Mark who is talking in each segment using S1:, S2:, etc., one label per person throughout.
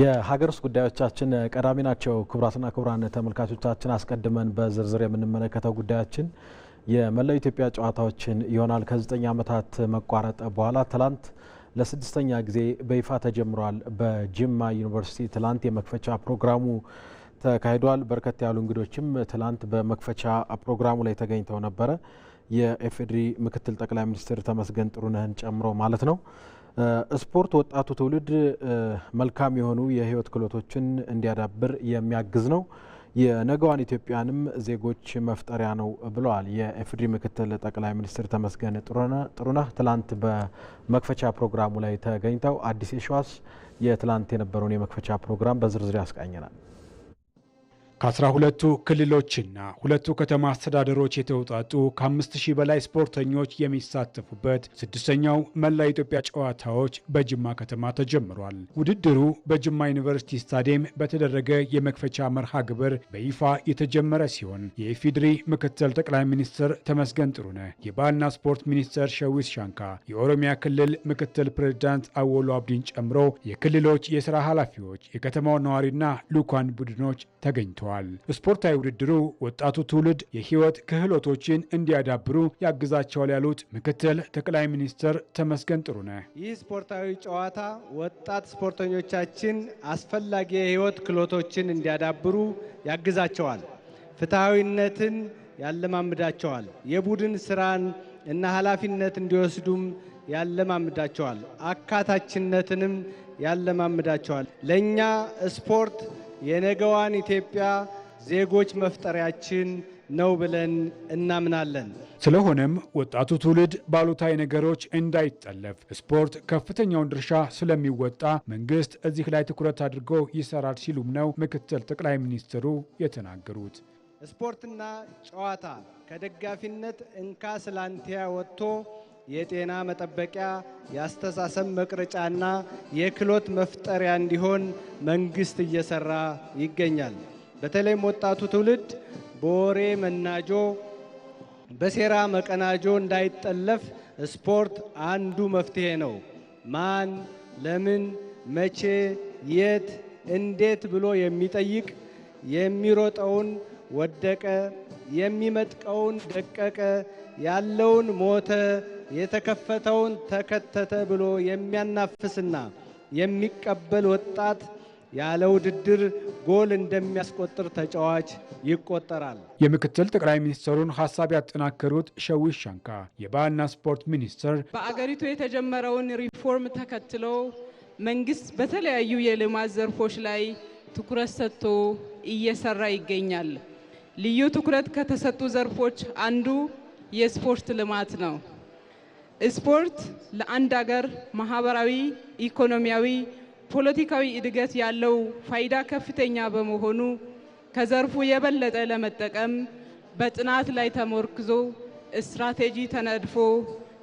S1: የሀገር ውስጥ ጉዳዮቻችን ቀዳሚ ናቸው። ክቡራትና ክቡራን ተመልካቾቻችን አስቀድመን በዝርዝር የምንመለከተው ጉዳያችን የመላው ኢትዮጵያ ጨዋታዎችን ይሆናል። ከዘጠኝ ዓመታት መቋረጥ በኋላ ትላንት ለስድስተኛ ጊዜ በይፋ ተጀምሯል። በጅማ ዩኒቨርሲቲ ትላንት የመክፈቻ ፕሮግራሙ ተካሂዷል። በርከት ያሉ እንግዶችም ትላንት በመክፈቻ ፕሮግራሙ ላይ ተገኝተው ነበረ። የኤፌድሪ ምክትል ጠቅላይ ሚኒስትር ተመስገን ጥሩነህን ጨምሮ ማለት ነው። ስፖርት ወጣቱ ትውልድ መልካም የሆኑ የህይወት ክህሎቶችን እንዲያዳብር የሚያግዝ ነው፣ የነገዋን ኢትዮጵያንም ዜጎች መፍጠሪያ ነው ብለዋል የኢፌዴሪ ምክትል ጠቅላይ ሚኒስትር ተመስገን ጥሩነህ ትላንት በመክፈቻ ፕሮግራሙ ላይ ተገኝተው አዲስ የሸዋስ የትላንት የነበረውን የመክፈቻ ፕሮግራም በዝርዝር ያስቃኘናል። ከአስራ ሁለቱ ክልሎችና ሁለቱ ከተማ አስተዳደሮች የተውጣጡ ከአምስት ሺህ በላይ ስፖርተኞች የሚሳተፉበት ስድስተኛው መላ ኢትዮጵያ ጨዋታዎች በጅማ ከተማ ተጀምሯል። ውድድሩ በጅማ ዩኒቨርሲቲ ስታዲየም በተደረገ የመክፈቻ መርሃ ግብር በይፋ የተጀመረ ሲሆን የኢፌዴሪ ምክትል ጠቅላይ ሚኒስትር ተመስገን ጥሩነህ፣ የባህልና ስፖርት ሚኒስትር ሸዊስ ሻንካ፣ የኦሮሚያ ክልል ምክትል ፕሬዚዳንት አወሎ አብዲን ጨምሮ የክልሎች የሥራ ኃላፊዎች፣ የከተማው ነዋሪና ልኡካን ቡድኖች ተገኝተዋል። ተናግረዋል። ስፖርታዊ ውድድሩ ወጣቱ ትውልድ የህይወት ክህሎቶችን እንዲያዳብሩ ያግዛቸዋል ያሉት ምክትል ጠቅላይ ሚኒስትር ተመስገን ጥሩነህ ይህ
S2: ስፖርታዊ ጨዋታ ወጣት ስፖርተኞቻችን አስፈላጊ የህይወት ክህሎቶችን እንዲያዳብሩ ያግዛቸዋል፣ ፍትሐዊነትን ያለማምዳቸዋል፣ የቡድን ስራን እና ኃላፊነት እንዲወስዱም ያለማምዳቸዋል፣ አካታችነትንም ያለማምዳቸዋል። ለእኛ ስፖርት የነገዋን ኢትዮጵያ ዜጎች መፍጠሪያችን ነው ብለን እናምናለን። ስለሆነም
S1: ወጣቱ ትውልድ ባሉታዊ ነገሮች እንዳይጠለፍ ስፖርት ከፍተኛውን ድርሻ ስለሚወጣ መንግስት እዚህ ላይ ትኩረት አድርጎ ይሰራል ሲሉም ነው ምክትል ጠቅላይ ሚኒስትሩ የተናገሩት።
S2: ስፖርትና ጨዋታ ከደጋፊነት እንካ ስላንቲያ ወጥቶ የጤና መጠበቂያ፣ የአስተሳሰብ መቅረጫና የክህሎት መፍጠሪያ እንዲሆን መንግስት እየሰራ ይገኛል። በተለይም ወጣቱ ትውልድ በወሬ መናጆ በሴራ መቀናጆ እንዳይጠለፍ ስፖርት አንዱ መፍትሄ ነው። ማን፣ ለምን፣ መቼ፣ የት፣ እንዴት ብሎ የሚጠይቅ የሚሮጠውን ወደቀ፣ የሚመጥቀውን ደቀቀ፣ ያለውን ሞተ የተከፈተውን ተከተተ ብሎ የሚያናፍስና የሚቀበል ወጣት ያለ ውድድር ጎል እንደሚያስቆጥር ተጫዋች ይቆጠራል። የምክትል ጠቅላይ
S1: ሚኒስትሩን ሀሳብ ያጠናከሩት ሸዊት ሻንካ የባህልና ስፖርት ሚኒስትር
S3: በአገሪቱ የተጀመረውን ሪፎርም ተከትሎ መንግስት በተለያዩ የልማት ዘርፎች ላይ ትኩረት ሰጥቶ እየሰራ ይገኛል። ልዩ ትኩረት ከተሰጡ ዘርፎች አንዱ የስፖርት ልማት ነው። ስፖርት ለአንድ ሀገር ማህበራዊ፣ ኢኮኖሚያዊ፣ ፖለቲካዊ እድገት ያለው ፋይዳ ከፍተኛ በመሆኑ ከዘርፉ የበለጠ ለመጠቀም በጥናት ላይ ተሞርክዞ ስትራቴጂ ተነድፎ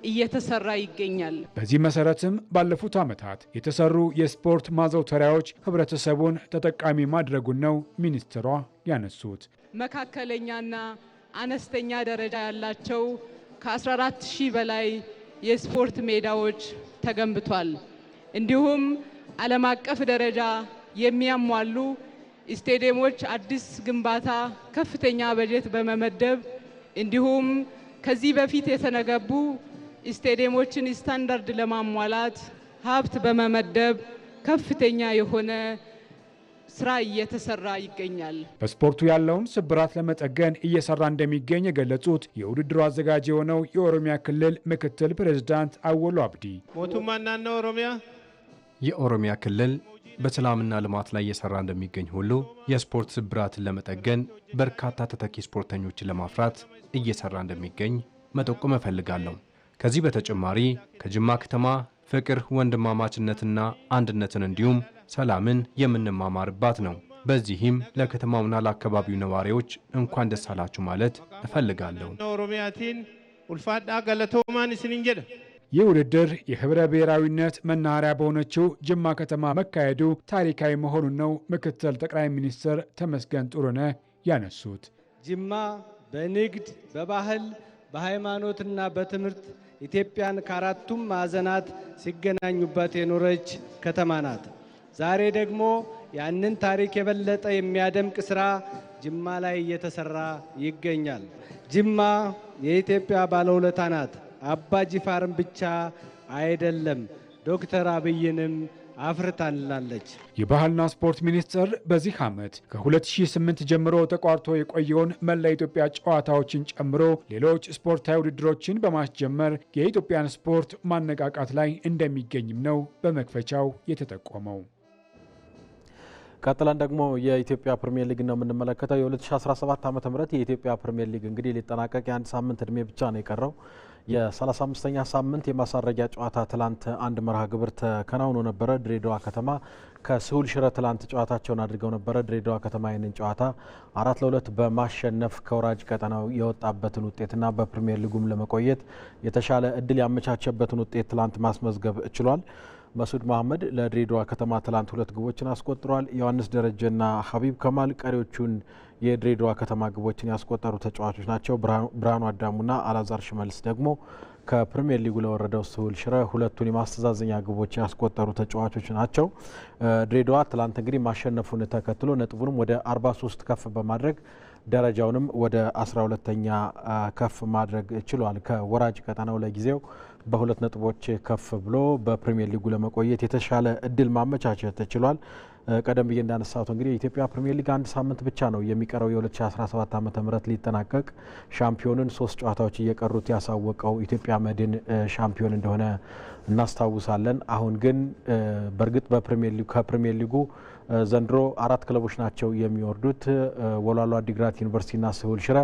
S3: እየተሰራ ይገኛል። በዚህ መሰረትም
S1: ባለፉት ዓመታት የተሰሩ የስፖርት ማዘውተሪያዎች ህብረተሰቡን ተጠቃሚ ማድረጉን ነው ሚኒስትሯ ያነሱት። መካከለኛና
S3: አነስተኛ ደረጃ ያላቸው ከ14 ሺህ በላይ የስፖርት ሜዳዎች ተገንብቷል። እንዲሁም ዓለም አቀፍ ደረጃ የሚያሟሉ ስቴዲየሞች አዲስ ግንባታ ከፍተኛ በጀት በመመደብ እንዲሁም ከዚህ በፊት የተነገቡ ስቴዲየሞችን ስታንዳርድ ለማሟላት ሀብት በመመደብ ከፍተኛ የሆነ ስራ እየተሰራ ይገኛል።
S1: በስፖርቱ ያለውን ስብራት ለመጠገን እየሰራ እንደሚገኝ የገለጹት የውድድሩ አዘጋጅ የሆነው የኦሮሚያ ክልል ምክትል ፕሬዝዳንት አወሎ አብዲ
S2: ሞቱማ ኦሮሚያ
S1: የኦሮሚያ ክልል በሰላምና ልማት ላይ እየሰራ እንደሚገኝ ሁሉ የስፖርት ስብራትን ለመጠገን በርካታ ተተኪ ስፖርተኞችን ለማፍራት እየሰራ እንደሚገኝ መጠቆም እፈልጋለሁ። ከዚህ በተጨማሪ ከጅማ ከተማ ፍቅር ወንድማማችነትና አንድነትን እንዲሁም ሰላምን የምንማማርባት ነው። በዚህም ለከተማውና ለአካባቢው ነዋሪዎች እንኳን ደስ አላችሁ ማለት እፈልጋለሁ።
S2: ኡልፋዳ ገለቶማን ስንንጀደ ይህ ውድድር የህብረ ብሔራዊነት መናኸሪያ በሆነችው ጅማ ከተማ መካሄዱ ታሪካዊ መሆኑን ነው ምክትል ጠቅላይ ሚኒስትር ተመስገን ጥሩነህ ያነሱት። ጅማ በንግድ፣ በባህል፣ በሃይማኖትና በትምህርት ኢትዮጵያን ከአራቱም ማዕዘናት ሲገናኙባት የኖረች ከተማ ናት። ዛሬ ደግሞ ያንን ታሪክ የበለጠ የሚያደምቅ ስራ ጅማ ላይ እየተሰራ ይገኛል። ጅማ የኢትዮጵያ ባለውለታ ናት። አባ ጅፋርን ብቻ አይደለም ዶክተር አብይንም አፍርታላለች።
S1: የባህልና ስፖርት ሚኒስቴር በዚህ ዓመት ከ2008 ጀምሮ ተቋርቶ የቆየውን መላ ኢትዮጵያ ጨዋታዎችን ጨምሮ ሌሎች ስፖርታዊ ውድድሮችን በማስጀመር የኢትዮጵያን ስፖርት ማነቃቃት ላይ እንደሚገኝም ነው በመክፈቻው የተጠቆመው። ቀጥለን ደግሞ የኢትዮጵያ ፕሪሚየር ሊግ ነው የምንመለከተው። የ2017 ዓ ም የኢትዮጵያ ፕሪሚየር ሊግ እንግዲህ ሊጠናቀቅ የአንድ ሳምንት እድሜ ብቻ ነው የቀረው። የ35ኛ ሳምንት የማሳረጊያ ጨዋታ ትላንት አንድ መርሃ ግብር ተከናውኖ ነበረ። ድሬዳዋ ከተማ ከስሁል ሽረ ትላንት ጨዋታቸውን አድርገው ነበረ። ድሬዳዋ ከተማ ይህንን ጨዋታ አራት ለሁለት በማሸነፍ ከወራጅ ቀጠናው የወጣበትን ውጤትና በፕሪሚየር ሊጉም ለመቆየት የተሻለ እድል ያመቻቸበትን ውጤት ትላንት ማስመዝገብ ችሏል። መስዑድ መሀመድ ለድሬዳዋ ከተማ ትላንት ሁለት ግቦችን አስቆጥሯል። ዮሐንስ ደረጀና ሀቢብ ከማል ቀሪዎቹን የድሬዳዋ ከተማ ግቦችን ያስቆጠሩ ተጫዋቾች ናቸው። ብርሃኑ አዳሙና አላዛር ሽመልስ ደግሞ ከፕሪምየር ሊጉ ለወረደው ስሁል ሽረ ሁለቱን የማስተዛዘኛ ግቦች ያስቆጠሩ ተጫዋቾች ናቸው። ድሬዳዋ ትላንት እንግዲህ ማሸነፉን ተከትሎ ነጥቡንም ወደ 43 ከፍ በማድረግ ደረጃውንም ወደ 12ተኛ ከፍ ማድረግ ችሏል። ከወራጅ ቀጠናው ለጊዜው በሁለት ነጥቦች ከፍ ብሎ በፕሪሚየር ሊጉ ለመቆየት የተሻለ እድል ማመቻቸት ተችሏል። ቀደም ብዬ እንዳነሳሁት እንግዲህ የኢትዮጵያ ፕሪሚየር ሊግ አንድ ሳምንት ብቻ ነው የሚቀረው የ2017 ዓ ም ሊጠናቀቅ ሻምፒዮንን ሶስት ጨዋታዎች እየቀሩት ያሳወቀው ኢትዮጵያ መድን ሻምፒዮን እንደሆነ እናስታውሳለን። አሁን ግን በእርግጥ ከፕሪሚየር ሊጉ ዘንድሮ አራት ክለቦች ናቸው የሚወርዱት። ወላሏ ዲግራት ዩኒቨርሲቲና ስሁል ሽረ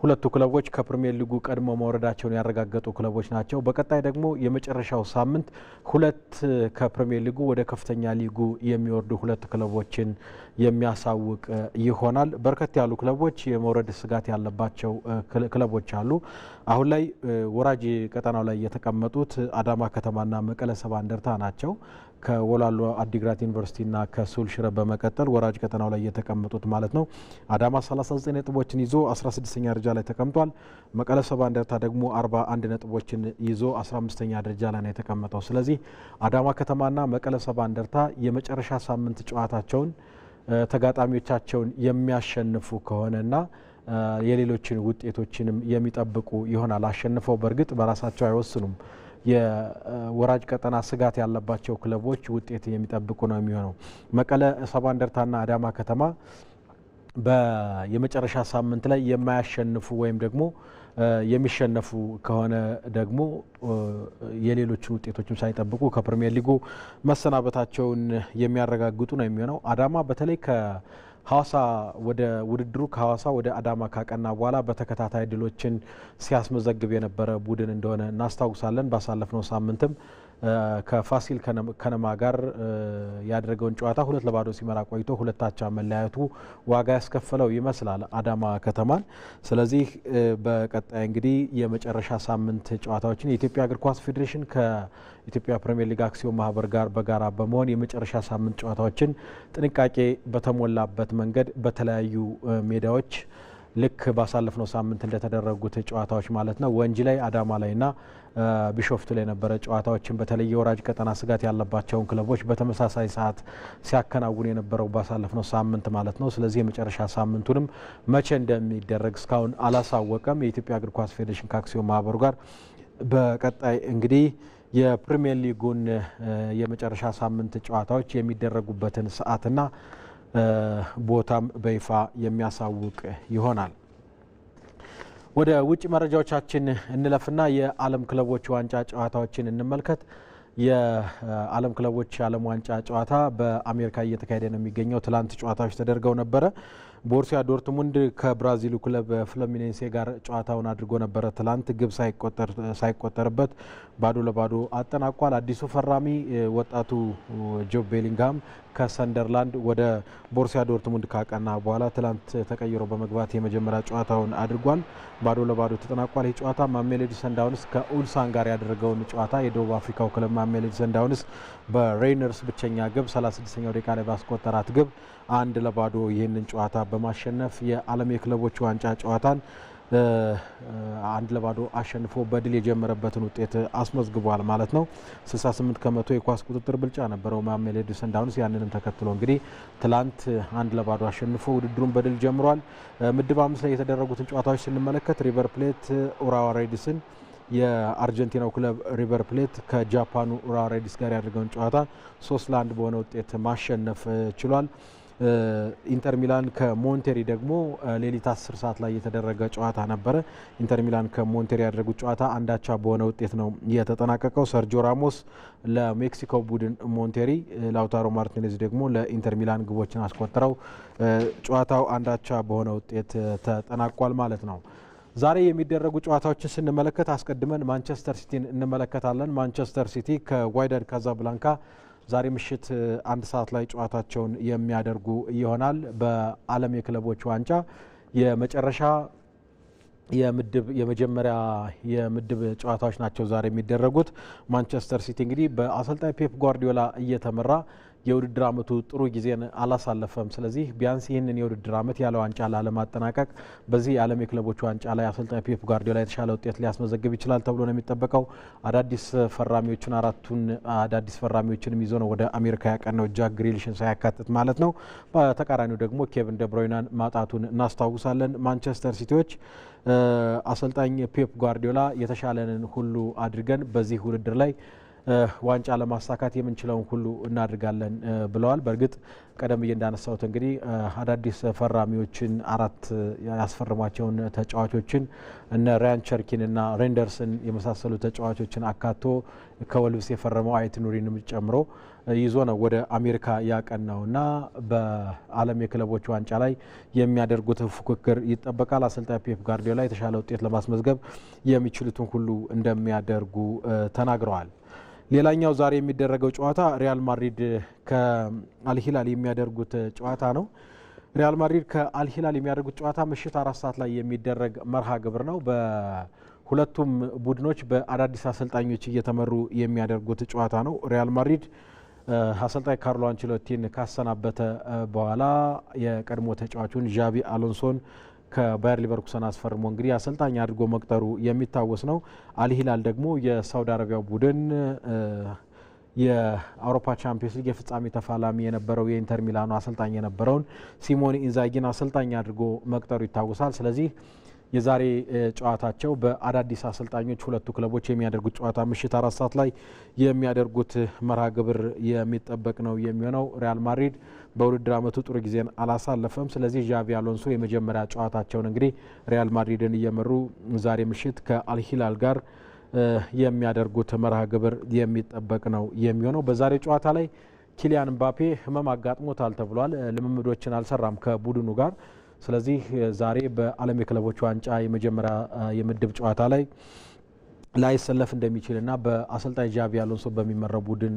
S1: ሁለቱ ክለቦች ከፕሪምየር ሊጉ ቀድሞ መውረዳቸውን ያረጋገጡ ክለቦች ናቸው። በቀጣይ ደግሞ የመጨረሻው ሳምንት ሁለት ከፕሪምየር ሊጉ ወደ ከፍተኛ ሊጉ የሚወርዱ ሁለት ክለቦችን የሚያሳውቅ ይሆናል። በርከት ያሉ ክለቦች የመውረድ ስጋት ያለባቸው ክለቦች አሉ። አሁን ላይ ወራጅ ቀጠናው ላይ የተቀመጡት አዳማ ከተማና መቀለ ሰባ እንደርታ ናቸው። ከወላሎ አዲግራት ዩኒቨርሲቲና ከሱል ሽረ በመቀጠል ወራጅ ቀጠናው ላይ የተቀመጡት ማለት ነው። አዳማ 39 ነጥቦችን ይዞ 16ኛ ደረጃ ላይ ተቀምጧል። መቀለ ሰባ እንደርታ ደግሞ 41 ነጥቦችን ይዞ 15ኛ ደረጃ ላይ ነው የተቀመጠው። ስለዚህ አዳማ ከተማና መቀለ ሰባ እንደርታ የመጨረሻ ሳምንት ጨዋታቸውን ተጋጣሚዎቻቸውን የሚያሸንፉ ከሆነና የሌሎችን ውጤቶችንም የሚጠብቁ ይሆናል። አሸንፈው በእርግጥ በራሳቸው አይወስኑም። የወራጅ ቀጠና ስጋት ያለባቸው ክለቦች ውጤት የሚጠብቁ ነው የሚሆነው። መቀለ ሰባ እንደርታና አዳማ ከተማ የመጨረሻ ሳምንት ላይ የማያሸንፉ ወይም ደግሞ የሚሸነፉ ከሆነ ደግሞ የሌሎችን ውጤቶችም ሳይጠብቁ ከፕሪሚየር ሊጉ መሰናበታቸውን የሚያረጋግጡ ነው የሚሆነው። አዳማ በተለይ ከ። ሀዋሳ ወደ ውድድሩ ከሀዋሳ ወደ አዳማ ካቀና በኋላ በተከታታይ ድሎችን ሲያስመዘግብ የነበረ ቡድን እንደሆነ እናስታውሳለን። ባሳለፍነው ሳምንትም ከፋሲል ከነማ ጋር ያደረገውን ጨዋታ ሁለት ለባዶ ሲመራ ቆይቶ ሁለታቻ መለያየቱ ዋጋ ያስከፈለው ይመስላል አዳማ ከተማን። ስለዚህ በቀጣይ እንግዲህ የመጨረሻ ሳምንት ጨዋታዎችን የኢትዮጵያ እግር ኳስ ፌዴሬሽን ከኢትዮጵያ ፕሪምየር ሊግ አክሲዮን ማህበር ጋር በጋራ በመሆን የመጨረሻ ሳምንት ጨዋታዎችን ጥንቃቄ በተሞላበት መንገድ በተለያዩ ሜዳዎች ልክ ባሳለፍነው ሳምንት እንደተደረጉት ጨዋታዎች ማለት ነው ወንጂ ላይ አዳማ ላይና ቢሾፍቱ ላይ የነበረ ጨዋታዎችን በተለይ የወራጅ ቀጠና ስጋት ያለባቸውን ክለቦች በተመሳሳይ ሰዓት ሲያከናውን የነበረው ባሳለፍነው ሳምንት ማለት ነው። ስለዚህ የመጨረሻ ሳምንቱንም መቼ እንደሚደረግ እስካሁን አላሳወቀም። የኢትዮጵያ እግር ኳስ ፌዴሬሽን ከአክሲዮን ማህበሩ ጋር በቀጣይ እንግዲህ የፕሪሚየር ሊጉን የመጨረሻ ሳምንት ጨዋታዎች የሚደረጉበትን ሰዓትና ቦታም በይፋ የሚያሳውቅ ይሆናል። ወደ ውጭ መረጃዎቻችን እንለፍና የዓለም ክለቦች ዋንጫ ጨዋታዎችን እንመልከት። የዓለም ክለቦች ዓለም ዋንጫ ጨዋታ በአሜሪካ እየተካሄደ ነው የሚገኘው። ትላንት ጨዋታዎች ተደርገው ነበረ። ቦርሲያ ዶርትሙንድ ከብራዚሉ ክለብ ፍሉሚኔንሴ ጋር ጨዋታውን አድርጎ ነበረ። ትላንት ግብ ሳይቆጠርበት ባዶ ለባዶ አጠናቋል። አዲሱ ፈራሚ ወጣቱ ጆብ ቤሊንግሃም ከሰንደርላንድ ወደ ቦርሲያ ዶርትሙንድ ካቀና በኋላ ትላንት ተቀይሮ በመግባት የመጀመሪያ ጨዋታውን አድርጓል። ባዶ ለባዶ ተጠናቋል። ይህ ጨዋታ ማሜሌዲ ሰንዳውንስ ከኡልሳን ጋር ያደረገውን ጨዋታ የደቡብ አፍሪካው ክለብ ማሜሌዲ ሰንዳውንስ በሬይነርስ ብቸኛ ግብ 36ኛው ደቂቃ ላይ ባስቆጠራት ግብ አንድ ለባዶ ይህንን ጨዋታ በማሸነፍ የዓለም የክለቦች ዋንጫ ጨዋታን አንድ ለባዶ አሸንፎ በድል የጀመረበትን ውጤት አስመዝግቧል ማለት ነው። 68 ከመቶ የኳስ ቁጥጥር ብልጫ ነበረው ማሜሎዲ ሰንዳውንስ። ያንንም ተከትሎ እንግዲህ ትላንት አንድ ለባዶ አሸንፎ ውድድሩን በድል ጀምሯል። ምድብ አምስት ላይ የተደረጉትን ጨዋታዎች ስንመለከት ሪቨር ፕሌት ኡራዋ ሬዲስን የአርጀንቲናው ክለብ ሪቨር ፕሌት ከጃፓኑ ኡራዋ ሬዲስ ጋር ያደርገውን ጨዋታ ሶስት ለአንድ በሆነ ውጤት ማሸነፍ ችሏል። ኢንተር ሚላን ከሞንቴሪ ደግሞ ሌሊት 10 ሰዓት ላይ የተደረገ ጨዋታ ነበረ። ኢንተር ሚላን ከሞንቴሪ ያደረጉት ጨዋታ አንዳቻ በሆነ ውጤት ነው የተጠናቀቀው። ሰርጆ ራሞስ ለሜክሲኮ ቡድን ሞንቴሪ፣ ላውታሮ ማርቲኔዝ ደግሞ ለኢንተር ሚላን ግቦችን አስቆጥረው ጨዋታው አንዳቻ በሆነ ውጤት ተጠናቋል ማለት ነው። ዛሬ የሚደረጉ ጨዋታዎችን ስንመለከት አስቀድመን ማንቸስተር ሲቲን እንመለከታለን። ማንቸስተር ሲቲ ከዋይዳድ ካዛብላንካ ዛሬ ምሽት አንድ ሰዓት ላይ ጨዋታቸውን የሚያደርጉ ይሆናል። በዓለም የክለቦች ዋንጫ የመጨረሻ የምድብ የመጀመሪያ የምድብ ጨዋታዎች ናቸው ዛሬ የሚደረጉት። ማንቸስተር ሲቲ እንግዲህ በአሰልጣኝ ፔፕ ጓርዲዮላ እየተመራ የውድድር አመቱ ጥሩ ጊዜን አላሳለፈም። ስለዚህ ቢያንስ ይህንን የውድድር አመት ያለ ዋንጫ ላለማጠናቀቅ በዚህ የዓለም የክለቦች ዋንጫ ላይ አሰልጣኝ ፔፕ ጓርዲዮላ የተሻለ ውጤት ሊያስመዘግብ ይችላል ተብሎ ነው የሚጠበቀው። አዳዲስ ፈራሚዎችን አራቱን አዳዲስ ፈራሚዎችንም ይዞ ነው ወደ አሜሪካ ያቀነው ጃክ ግሪሊሽን ሳያካትት ማለት ነው። በተቃራኒው ደግሞ ኬቨን ደብሮይናን ማጣቱን እናስታውሳለን። ማንቸስተር ሲቲዎች አሰልጣኝ ፔፕ ጓርዲዮላ የተሻለንን ሁሉ አድርገን በዚህ ውድድር ላይ ዋንጫ ለማሳካት የምንችለውን ሁሉ እናድርጋለን ብለዋል። በእርግጥ ቀደም ብዬ እንዳነሳሁት እንግዲህ አዳዲስ ፈራሚዎችን አራት ያስፈርሟቸውን ተጫዋቾችን እነ ራያን ቸርኪንና ሬንደርስን የመሳሰሉ ተጫዋቾችን አካቶ ከወልብስ የፈረመው አይት ኑሪንም ጨምሮ ይዞ ነው ወደ አሜሪካ ያቀናው እና በዓለም የክለቦች ዋንጫ ላይ የሚያደርጉት ፉክክር ይጠበቃል። አሰልጣኝ ፔፕ ጋርዲዮላ የተሻለ ውጤት ለማስመዝገብ የሚችሉትን ሁሉ እንደሚያደርጉ ተናግረዋል። ሌላኛው ዛሬ የሚደረገው ጨዋታ ሪያል ማድሪድ ከአልሂላል የሚያደርጉት ጨዋታ ነው። ሪያል ማድሪድ ከአልሂላል የሚያደርጉት ጨዋታ ምሽት አራት ሰዓት ላይ የሚደረግ መርሃ ግብር ነው። በሁለቱም ቡድኖች በአዳዲስ አሰልጣኞች እየተመሩ የሚያደርጉት ጨዋታ ነው። ሪያል ማድሪድ አሰልጣኝ ካርሎ አንችሎቲን ካሰናበተ በኋላ የቀድሞ ተጫዋቹን ዣቪ አሎንሶን ከባየር ሊቨርኩሰን አስፈርሞ እንግዲህ አሰልጣኝ አድርጎ መቅጠሩ የሚታወስ ነው። አልሂላል ደግሞ የሳውዲ አረቢያ ቡድን የአውሮፓ ቻምፒዮንስ ሊግ የፍጻሜ ተፋላሚ የነበረው የኢንተር ሚላኑ አሰልጣኝ የነበረውን ሲሞኒ ኢንዛጊን አሰልጣኝ አድርጎ መቅጠሩ ይታወሳል። ስለዚህ የዛሬ ጨዋታቸው በአዳዲስ አሰልጣኞች ሁለቱ ክለቦች የሚያደርጉት ጨዋታ ምሽት አራት ሰዓት ላይ የሚያደርጉት መርሃ ግብር የሚጠበቅ ነው የሚሆነው። ሪያል ማድሪድ በውድድር ዓመቱ ጥሩ ጊዜን አላሳለፈም። ስለዚህ ዣቪ አሎንሶ የመጀመሪያ ጨዋታቸውን እንግዲህ ሪያል ማድሪድን እየመሩ ዛሬ ምሽት ከአልሂላል ጋር የሚያደርጉት መርሃ ግብር የሚጠበቅ ነው የሚሆነው። በዛሬ ጨዋታ ላይ ኪሊያን ምባፔ ህመም አጋጥሞታል ተብሏል። ልምምዶችን አልሰራም ከቡድኑ ጋር ስለዚህ ዛሬ በዓለም የክለቦች ዋንጫ የመጀመሪያ የምድብ ጨዋታ ላይ ላይሰለፍ እንደሚችልና በአሰልጣኝ ጃቪ አሎንሶ በሚመራው ቡድን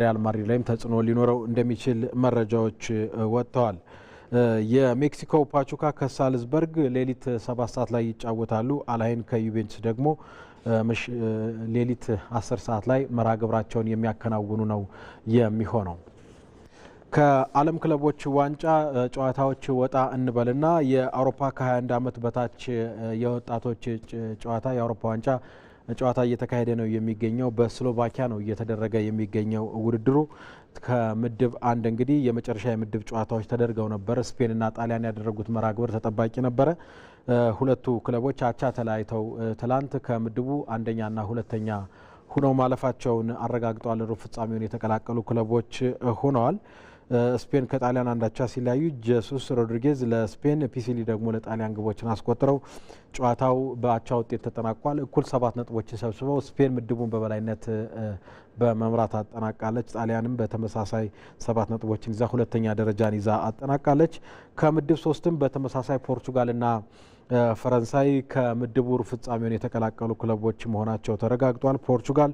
S1: ሪያል ማድሪድ ላይም ተጽዕኖ ሊኖረው እንደሚችል መረጃዎች ወጥተዋል። የሜክሲኮ ፓቹካ ከሳልዝበርግ ሌሊት ሰባት ሰዓት ላይ ይጫወታሉ። አላይን ከዩቬንቱስ ደግሞ ሌሊት አስር ሰዓት ላይ መርሃ ግብራቸውን የሚያከናውኑ ነው የሚሆነው። ከዓለም ክለቦች ዋንጫ ጨዋታዎች ወጣ እንበልና የአውሮፓ ከ21 ዓመት በታች የወጣቶች ጨዋታ የአውሮፓ ዋንጫ ጨዋታ እየተካሄደ ነው የሚገኘው። በስሎቫኪያ ነው እየተደረገ የሚገኘው ውድድሩ። ከምድብ አንድ እንግዲህ የመጨረሻ የምድብ ጨዋታዎች ተደርገው ነበረ። ስፔንና ጣሊያን ያደረጉት መራግብር ተጠባቂ ነበረ። ሁለቱ ክለቦች አቻ ተለያይተው ትላንት ከምድቡ አንደኛና ሁለተኛ ሆነው ማለፋቸውን አረጋግጠዋል። ሩብ ፍጻሜውን የተቀላቀሉ ክለቦች ሆነዋል። ስፔን ከጣሊያን አንዳቻ ሲለያዩ ጀሱስ ሮድሪጌዝ ለስፔን ፒሲሊ ደግሞ ለጣሊያን ግቦችን አስቆጥረው ጨዋታው በአቻ ውጤት ተጠናቋል። እኩል ሰባት ነጥቦችን ሰብስበው ስፔን ምድቡን በበላይነት በመምራት አጠናቃለች። ጣሊያንም በተመሳሳይ ሰባት ነጥቦችን ይዛ ሁለተኛ ደረጃን ይዛ አጠናቃለች። ከምድብ ሶስትም በተመሳሳይ ፖርቱጋልና ፈረንሳይ ከምድቡ ሩብ ፍጻሜውን የተቀላቀሉ ክለቦች መሆናቸው ተረጋግጧል። ፖርቹጋል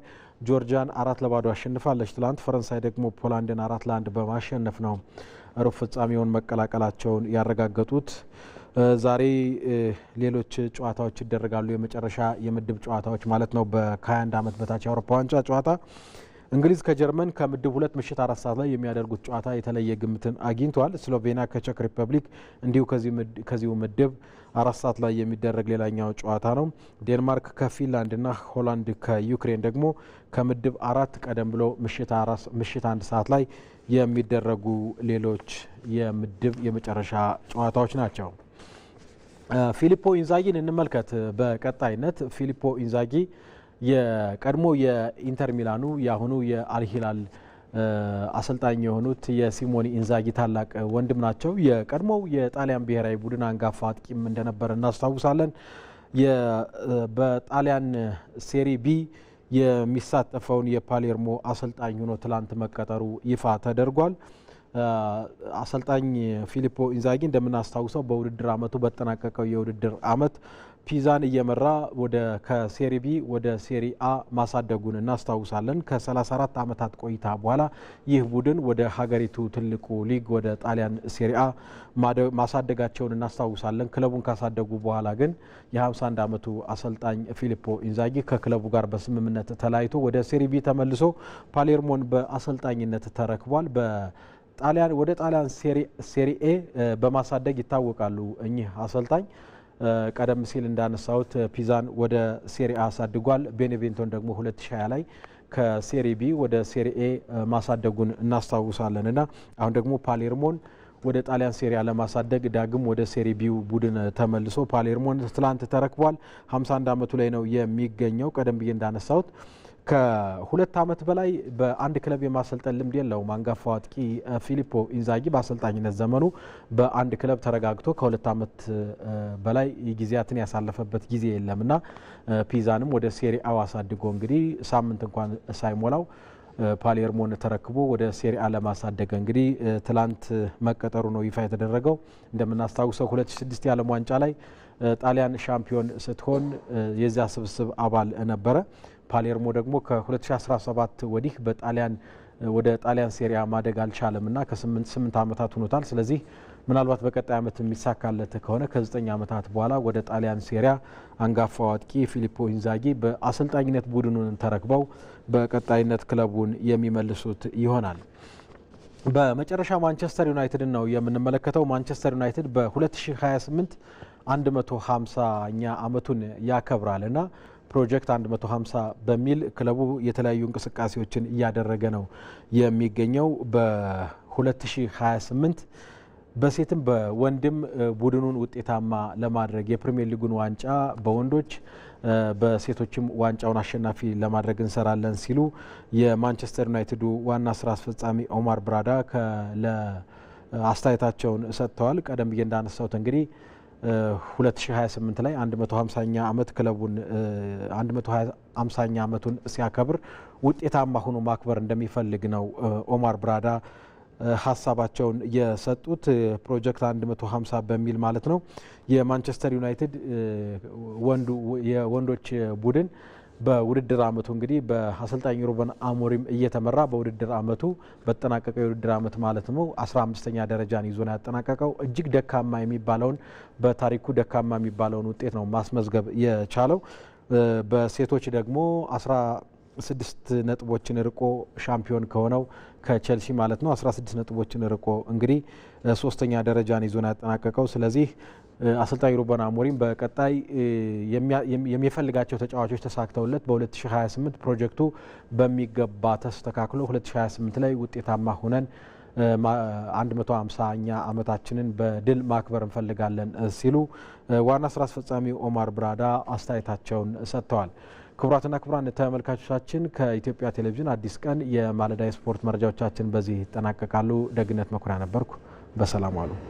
S1: ጆርጂያን አራት ለባዶ አሸንፋለች። ትላንት ፈረንሳይ ደግሞ ፖላንድን አራት ለአንድ በማሸነፍ ነው ሩብ ፍጻሜውን መቀላቀላቸውን ያረጋገጡት። ዛሬ ሌሎች ጨዋታዎች ይደረጋሉ። የመጨረሻ የምድብ ጨዋታዎች ማለት ነው። ከ21 ዓመት በታች የአውሮፓ ዋንጫ ጨዋታ እንግሊዝ ከጀርመን ከምድብ ሁለት ምሽት አራት ሰዓት ላይ የሚያደርጉት ጨዋታ የተለየ ግምትን አግኝቷል። ስሎቬኒያ ከቼክ ሪፐብሊክ እንዲሁ ከዚሁ ምድብ አራት ሰዓት ላይ የሚደረግ ሌላኛው ጨዋታ ነው። ዴንማርክ ከፊንላንድና ሆላንድ ከዩክሬን ደግሞ ከምድብ አራት ቀደም ብሎ ምሽት አንድ ሰዓት ላይ የሚደረጉ ሌሎች የምድብ የመጨረሻ ጨዋታዎች ናቸው። ፊሊፖ ኢንዛጊን እንመልከት። በቀጣይነት ፊሊፖ ኢንዛጊ የቀድሞ የኢንተር ሚላኑ የአሁኑ የአልሂላል አሰልጣኝ የሆኑት የሲሞኒ ኢንዛጊ ታላቅ ወንድም ናቸው። የቀድሞው የጣሊያን ብሔራዊ ቡድን አንጋፋ አጥቂም እንደነበረ እናስታውሳለን። በጣሊያን ሴሪ ቢ የሚሳተፈውን የፓሌርሞ አሰልጣኝ ሆኖ ትላንት መቀጠሩ ይፋ ተደርጓል። አሰልጣኝ ፊሊፖ ኢንዛጊ እንደምናስታውሰው በውድድር አመቱ በተጠናቀቀው የውድድር አመት ፒዛን እየመራ ወደ ከሴሪቢ ወደ አ ማሳደጉን እናስታውሳለን። ከ34 ዓመታት ቆይታ በኋላ ይህ ቡድን ወደ ሀገሪቱ ትልቁ ሊግ ወደ ጣሊያን አ ማሳደጋቸውን እናስታውሳለን። ክለቡን ካሳደጉ በኋላ ግን የ51 ዓመቱ አሰልጣኝ ፊሊፖ ኢንዛጊ ከክለቡ ጋር በስምምነት ተለያይቶ ወደ ቢ ተመልሶ ፓሌርሞን በአሰልጣኝነት ተረክቧል። በጣሊያን ወደ ጣሊያን ኤ በማሳደግ ይታወቃሉ እኚህ አሰልጣኝ ቀደም ሲል እንዳነሳሁት ፒዛን ወደ ሴሪአ አሳድጓል። ቤኔቬንቶን ደግሞ 2020 ላይ ከሴሪ ቢ ወደ ሴሪ ኤ ማሳደጉን እናስታውሳለን እና አሁን ደግሞ ፓሌርሞን ወደ ጣሊያን ሴሪያ ለማሳደግ ዳግም ወደ ሴሪ ቢው ቡድን ተመልሶ ፓሌርሞን ትላንት ተረክቧል። 51 ዓመቱ ላይ ነው የሚገኘው ቀደም ብዬ እንዳነሳሁት ከሁለት ዓመት በላይ በአንድ ክለብ የማሰልጠን ልምድ የለውም። አንጋፋው አጥቂ ፊሊፖ ኢንዛጊ በአሰልጣኝነት ዘመኑ በአንድ ክለብ ተረጋግቶ ከሁለት ዓመት በላይ ጊዜያትን ያሳለፈበት ጊዜ የለም ፒዛንም ወደ ሴሪአው አሳድጎ እንግዲህ ሳምንት እንኳን ሳይሞላው ፓሌርሞን ተረክቦ ወደ ሴሪአ ለማሳደገ እንግዲህ ትላንት መቀጠሩ ነው ይፋ የተደረገው። እንደምናስታውሰው 2006 የዓለም ዋንጫ ላይ ጣሊያን ሻምፒዮን ስትሆን የዚያ ስብስብ አባል ነበረ። ፓሌርሞ ደግሞ ከ2017 ወዲህ በጣሊያን ወደ ጣሊያን ሴሪያ ማደግ አልቻለም እና ከ8 ዓመታት ሆኖታል። ስለዚህ ምናልባት በቀጣይ ዓመት የሚሳካለት ከሆነ ከዘጠኝ ዓመታት በኋላ ወደ ጣሊያን ሴሪያ አንጋፋ አጥቂ ፊሊፖ ኢንዛጊ በአሰልጣኝነት ቡድኑን ተረክበው በቀጣይነት ክለቡን የሚመልሱት ይሆናል። በመጨረሻ ማንቸስተር ዩናይትድን ነው የምንመለከተው። ማንቸስተር ዩናይትድ በ2028 150ኛ ዓመቱን ያከብራል እና ፕሮጀክት 150 በሚል ክለቡ የተለያዩ እንቅስቃሴዎችን እያደረገ ነው የሚገኘው። በ2028 በሴትም በወንድም ቡድኑን ውጤታማ ለማድረግ የፕሪሚየር ሊጉን ዋንጫ በወንዶች በሴቶችም ዋንጫውን አሸናፊ ለማድረግ እንሰራለን ሲሉ የማንቸስተር ዩናይትዱ ዋና ስራ አስፈጻሚ ኦማር ብራዳ አስተያየታቸውን ሰጥተዋል። ቀደም ብዬ እንዳነሳሁት እንግዲህ 2028 ላይ 150ኛ ዓመት ክለቡን 150ኛ ዓመቱን ሲያከብር ውጤታማ ሆኖ ማክበር እንደሚፈልግ ነው ኦማር ብራዳ ሀሳባቸውን የሰጡት። ፕሮጀክት 150 በሚል ማለት ነው። የማንቸስተር ዩናይትድ የወንዶች ቡድን በውድድር አመቱ እንግዲህ በአሰልጣኝ ሩበን አሞሪም እየተመራ በውድድር አመቱ በተጠናቀቀው የውድድር አመት ማለት ነው 15ኛ ደረጃን ይዞ ነው ያጠናቀቀው። እጅግ ደካማ የሚባለውን በታሪኩ ደካማ የሚባለውን ውጤት ነው ማስመዝገብ የቻለው። በሴቶች ደግሞ አስራ ስድስት ነጥቦችን ርቆ ሻምፒዮን ከሆነው ከቼልሲ ማለት ነው 16 ነጥቦችን ርቆ እንግዲህ ሶስተኛ ደረጃን ይዞ ነው ያጠናቀቀው። ስለዚህ አሰልጣኝ ሩበን አሞሪም በቀጣይ የሚፈልጋቸው ተጫዋቾች ተሳክተውለት በ2028 ፕሮጀክቱ በሚገባ ተስተካክሎ 2028 ላይ ውጤታማ ሆነን 150ኛ ዓመታችንን በድል ማክበር እንፈልጋለን ሲሉ ዋና ስራ አስፈጻሚ ኦማር ብራዳ አስተያየታቸውን ሰጥተዋል። ክቡራትና ክቡራን ተመልካቾቻችን ከኢትዮጵያ ቴሌቪዥን አዲስ ቀን የማለዳ የስፖርት መረጃዎቻችን በዚህ ይጠናቀቃሉ። ደግነት መኩሪያ ነበርኩ። በሰላም አሉ